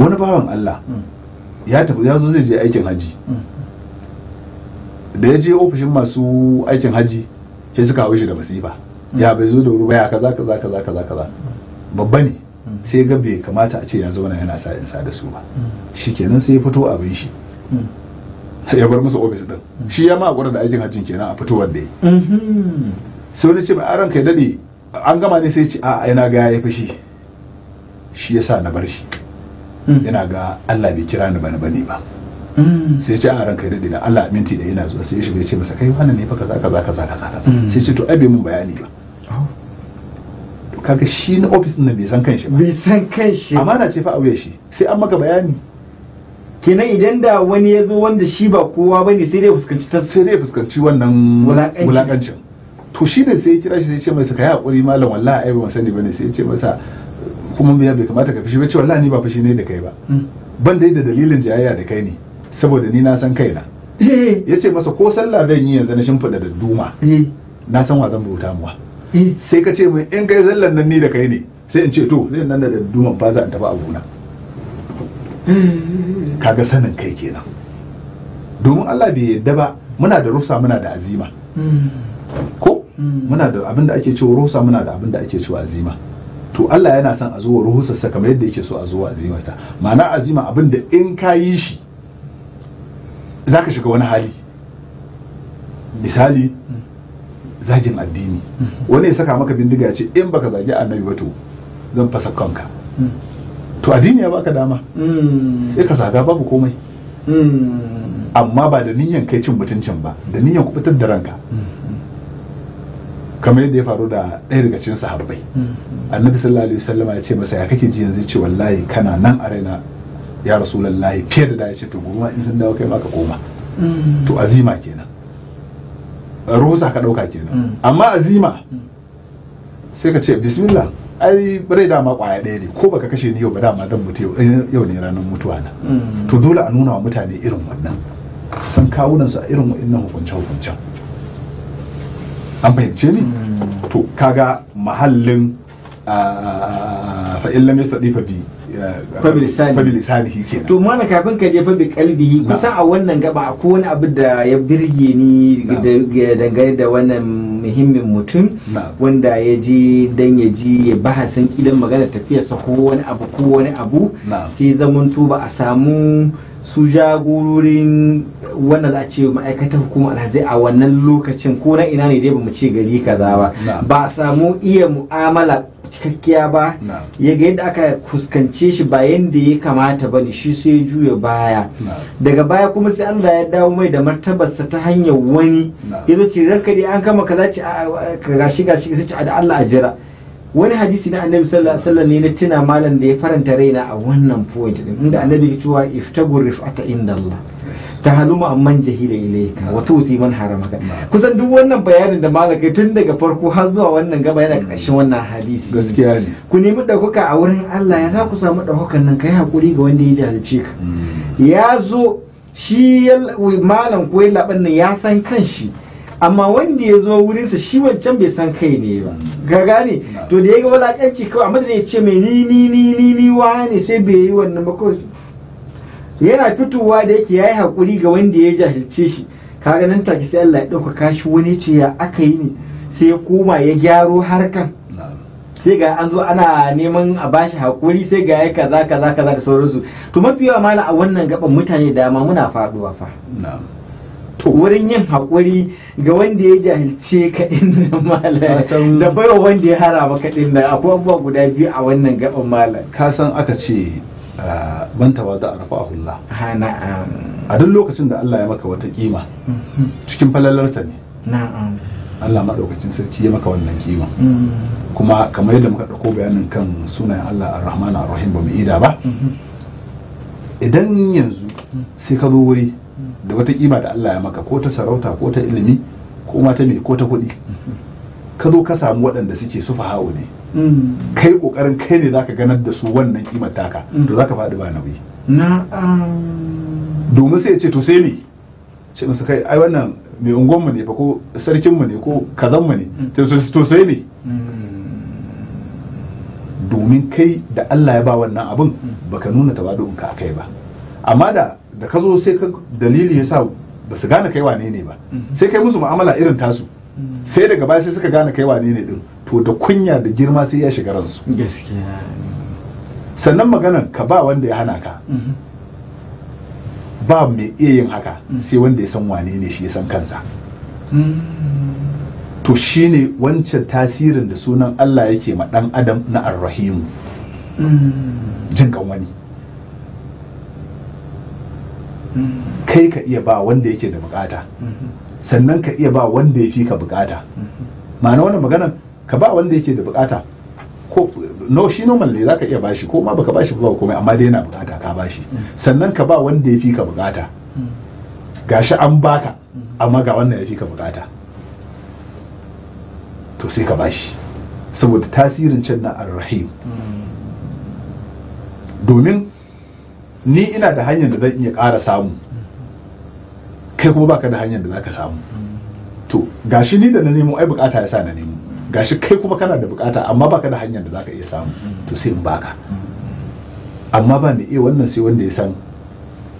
wani bawan Allah ya tafi ya zo zai je aikin haji da ya je ofishin masu aikin haji ya suka hau shi da masifa ya bai zo da wuri baya kaza kaza kaza kaza kaza babba ne sai ga bai kamata a ce ya zauna yana sa in sa da su ba shikenan sai ya fito abin shi ya bar musu ofis din shi ya ma da aikin hajjin kenan a fitowar da yi sai wani ce mai aron kai dade an gama ne sai ce a ina ga ya fi shi shi ya sa na bar shi Mm. yana ga Allah bai kira ni bane bane ba mm. sai ce a ranka daɗe da Allah minti da yana zuwa sai ya shiga ya ce masa kai wannan ne fa kaza kaza kaza kaza mm. sai ce to ai bai mun bayani ba oh. to kaga shi na ofis din bai san kanshi ba bai san kanshi amma na ce fa auye shi sai an maka bayani kenan idan da wani ya zo wanda shi ba kowa ba ne sai dai fuskanci sai dai fuskanci wannan wulakancin to shi ne sai ya kira shi sai ya ce masa kai hakuri malam wallahi ai ban sani bane sai ya ce masa kuma biya bai kamata ka fishi ba cewa ni ba fishi ne da kai ba hmm. ban dai da dalilin jayayya da kai ne saboda ni na san kaina eh. ya ce masa ko sallah zan yi yanzu na shimfiɗa da duma eh. na san wa zan bauta muwa eh. sai ka ce mai in kai sallan nan ni da kai ne sai in ce to zai nan da duman ba za in tafi abuna kaga sanin kai kenan domin Allah bai yadda ba muna da rusa muna da azima hmm. ko hmm. muna da abin da ake cewa rusa muna da abin da ake cewa azima to Allah yana son a zuwa ruhusarsa kamar yadda yake so a zo azimarsa ma'ana azima abin da in ka yi shi za ka shiga wani hali misali zagin addini wani ya saka maka bindiga ce in baka zagi annabi ba to zan fasa kanka to addini ya baka dama sai ka zaga babu komai hmm. amma ba da niyan kai cin mutuncin ba da niyan ku da ranka hmm. kamar yadda ya faru da ɗaya daga cikin sahabbai mm-hmm. annabi sallallahu alaihi wasallama ya ce masa ya kake ji yanzu ce wallahi kana nan a raina ya rasu rasulullahi fiye da da ya ce to goma in sun dawo kai maka koma mm-hmm. to azima kenan rosa ka ɗauka kenan mm-hmm. amma azima sai ka ce bismillah ai rai dama kwaya ɗaya ne ko baka kashe ni yau ba dama dan mutu eh, yau ne ranar mutuwa na to dole a nuna wa mutane irin wannan san kawunan su a irin wa'annan hukunce hukuncen an fahimce ni hmm. to kaga mahallin ah, fa'il lam yastadi fa bi eh, kenan to mana kafin ka je fabi kalbihi kusa a wannan gaba ko wani abu da ya birge ni dangane da wannan muhimmin mutum wanda ya je dan ya ji ya bahasin kidan magana tafiyarsa ko wani abu ko wani abu sai zamanto ba a samu su jagororin wanda za a ce ma'aikatar hukumar alhazai a wannan lokacin ko na ina ne dai ba mu ce gari kaza ba ba samu iya mu'amala cikakkiya ba ya ga yadda aka fuskance shi ba yadda ya kamata ba ne shi sai juya baya daga baya kuma sai Allah ya dawo mai da martabarsa ta hanyar wani ya ce ranka an kama kaza ce gashi gashi sai ce da Allah a jira wani hadisi na annabi sallallahu alaihi wasallam ne na tuna malam da ya faranta raina a wannan point din inda annabi ya cewa iftagur rif'ata inda Allah tahaluma amman jahila ilayka wa tuti man haramaka kusan duk wannan bayanin da malam kai tun daga farko har zuwa wannan gaba yana karshen wannan hadisi gaskiya ne ku nemi ɗaukaka a wurin Allah ya za ku samu ɗaukakan nan kai hakuri ga wanda ya jahilce ka hmm. ya zo shi malam ko ya laban nan ya san kanshi amma wanda ya zo wurinsa shi wancan bai san kai ne ba ga gane to da ya ga wulakanci kawai amma da ya ce mai ni ni ni ni ni ne sai bai yi wannan ba kawai yana fitowa da yake yayi hakuri ga wanda ya jahilce shi kaga nan take sai Allah ya dauka kashi wani ce ya aka yi ne sai ya koma ya gyaro harkan sai ga an zo ana neman a bashi hakuri sai ga ya kaza kaza kaza da sauransu to mafi yawa mala a wannan gaban mutane da dama muna faduwa fa wurin yin haƙuri ga wanda ya jahilce ka inda malam da baiwa wanda ya hara maka da akwai abubuwa guda biyu a wannan gaban malam ka san aka ce ban ah, tawa da arafa ahullah a duk lokacin da Allah ya maka wata kima mhm. cikin falalarsa ne na'am Allah maɗaukacin sarki ya maka wannan kima mhm. kuma kamar yadda muka ɗauko bayanin kan sunayen Allah ar-Rahman ar-Rahim ba mu ida ba mhm. idan yanzu sai ka zo wuri da wata kima da Allah ya maka ko ta sarauta ko ta ilimi ko ma ta mai ko ta kuɗi ka zo ka samu waɗanda suke sufahawo ne mm. kai kokarin kai ne zaka ganar da su wannan kimar taka mm. to zaka faɗi ba nauyi domin sai ya ce to sai ne ce musu kai ai wannan mai mu ne fa ko sarkinmu ne ko kazanmu ne mm. to sai ne domin kai da Allah ya ba wannan abin baka nuna tawadu'unka a kai ba amma da da ka zo sai ka dalili ya sa ba su gane kai wane ne ba mm-hmm. sai kai musu mu'amala irin tasu mm-hmm. sai daga baya sai suka gane kai wane ne din to da kunya da girma sai ya shiga ransu sannan maganar ka ba wanda ya hana ka mm-hmm. ba mai iya yin haka sai wanda ya san wane ne shi ya san kansa to shine wancan tasirin da sunan Allah yake ma dan adam na arrahimu jin kan wani kai ka iya ba wanda yake da bukata sannan ka iya ba wanda ya fi ka bukata ma'ana wannan magana ka ba wanda yake da bukata ko no shi normal ne zaka iya bashi ko ma baka bashi ba komai amma dai yana bukata ka bashi sannan ka ba wanda ya fi ka bukata gashi an baka amma ga wannan ya fi ka bukata to sai ka bashi saboda tasirin can na ar-rahim hmm. domin ni ina da hanyar da zan iya ƙara samu kai kuma baka da hanyar da za ka samu to ga shi ni da na nemo ai bukata ya sa na nemo Ga shi kai kuma kana da bukata amma baka da hanyar da za ka iya samu to sai in baka amma ba mai iya wannan sai wanda ya san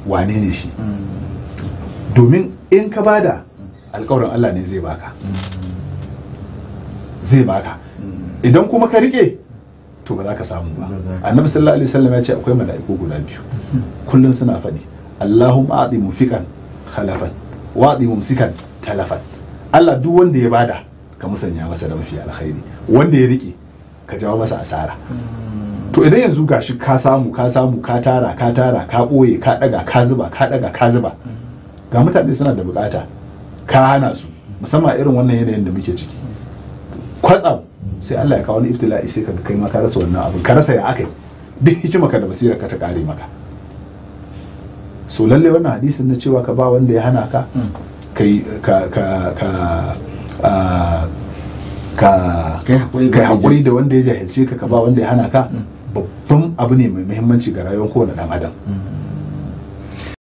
wane ne shi domin in ka bada alkawarin Allah ne zai baka zai baka idan kuma ka rike to ba za ka samu ba annabi sallallahu alaihi wasallam ya ce akwai mala'iku guda biyu kullun suna faɗi allahumma a'ti mufiqan khalafan wa a'ti mumsikan talafan Allah duk wanda ya bada ka musanya masa da mafi alkhairi wanda ya rike ka jawo masa asara hmm. to idan yanzu gashi ka samu ka samu ka tara ka tara ka ɓoye ka ɗaga ka zuba ka ɗaga ka zuba hmm. ga mutane suna da bukata ka hana su musamman irin wannan yanayin da muke ciki kwatsam sai Allah ya kawo wani iftila'i sai ka kai maka rasa wannan abin ka rasa ya akai duk hikima ka da basira ka ta kare maka so lalle wannan hadisin na cewa ka ba wanda ya hana ka hmm. kai ka ka ka ah, ka kai hakuri da wanda ya jahilce ka ka ba hmm. wanda ya hana ka hmm. babban abu ne mai muhimmanci ga rayuwar kowane dan adam